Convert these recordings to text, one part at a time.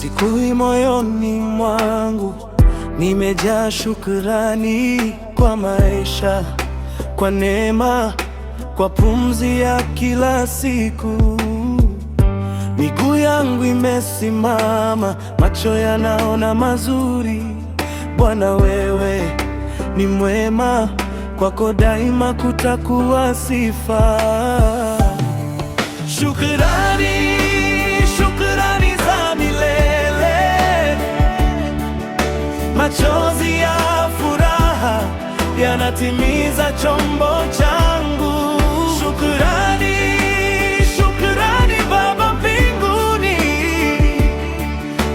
Sikui moyoni mwangu, nimejaa shukrani kwa maisha, kwa neema, kwa pumzi ya kila siku. Miguu yangu imesimama, macho yanaona mazuri. Bwana wewe ni mwema, kwako daima kutakuwa sifa. Shukrani natimiza chombo changu. Shukrani, shukrani Baba mbinguni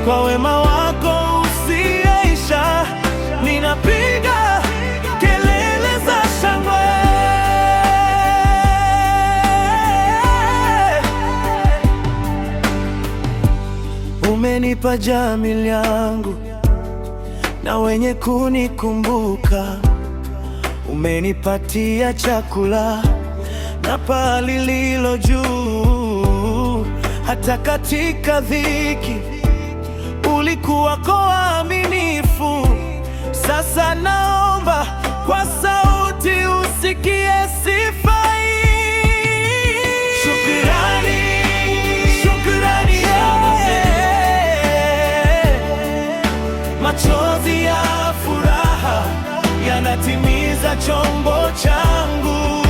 kwa wema wako usiyeisha. Ninapiga kelele za shangwe, umenipa jamii yangu na wenye kunikumbuka umenipatia chakula na paa lililo juu, hata katika dhiki ulikuwa kwa aminifu. Sasa naomba kwa sauti usikie sifa machozi ya yanatimiza chombo changu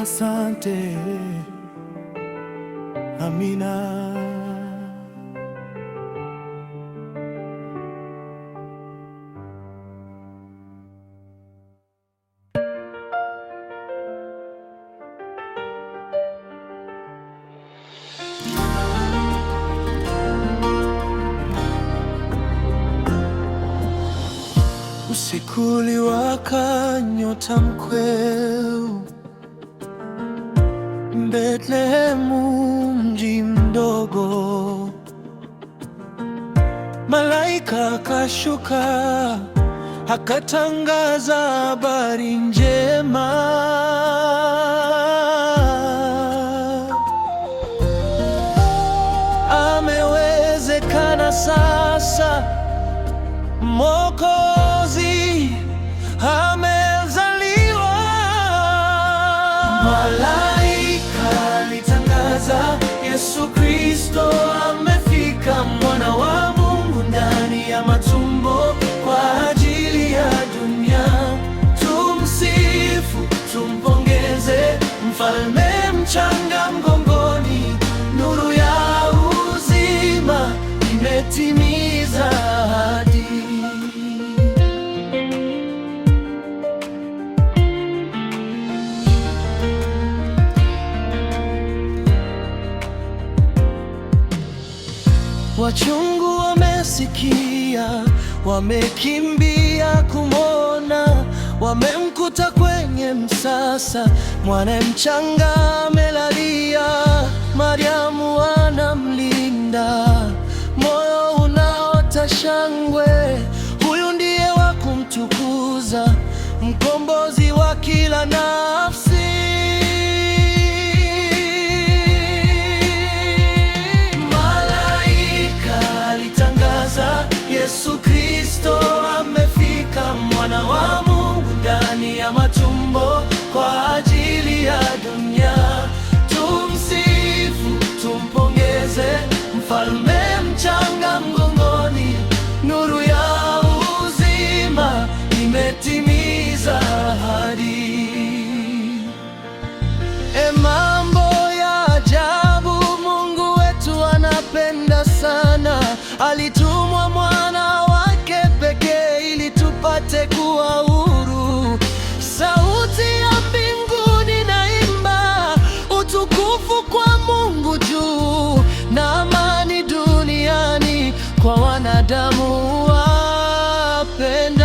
Asante, amina. Usiku uliwaka nyota mkweu Betlehemu, mji mdogo, malaika akashuka, akatangaza habari njema. Amewezekana sasa moko Wachungu wamesikia, wamekimbia kumwona, wamemkuta kwenye msasa, mwana mchanga amelalia. Mariamu anamlinda, moyo unaota shangwe, huyu ndiye wa kumtukuza, mkombozi wa kila na tumbo kwa ajili ya dunia. Tumsifu, tumpongeze mfalme mchanga mgongoni, nuru ya uzima imetimiza ahadi. E, mambo ya ajabu! Mungu wetu anapenda sana, alitumwa mwana wake pekee ili tupate kuwa then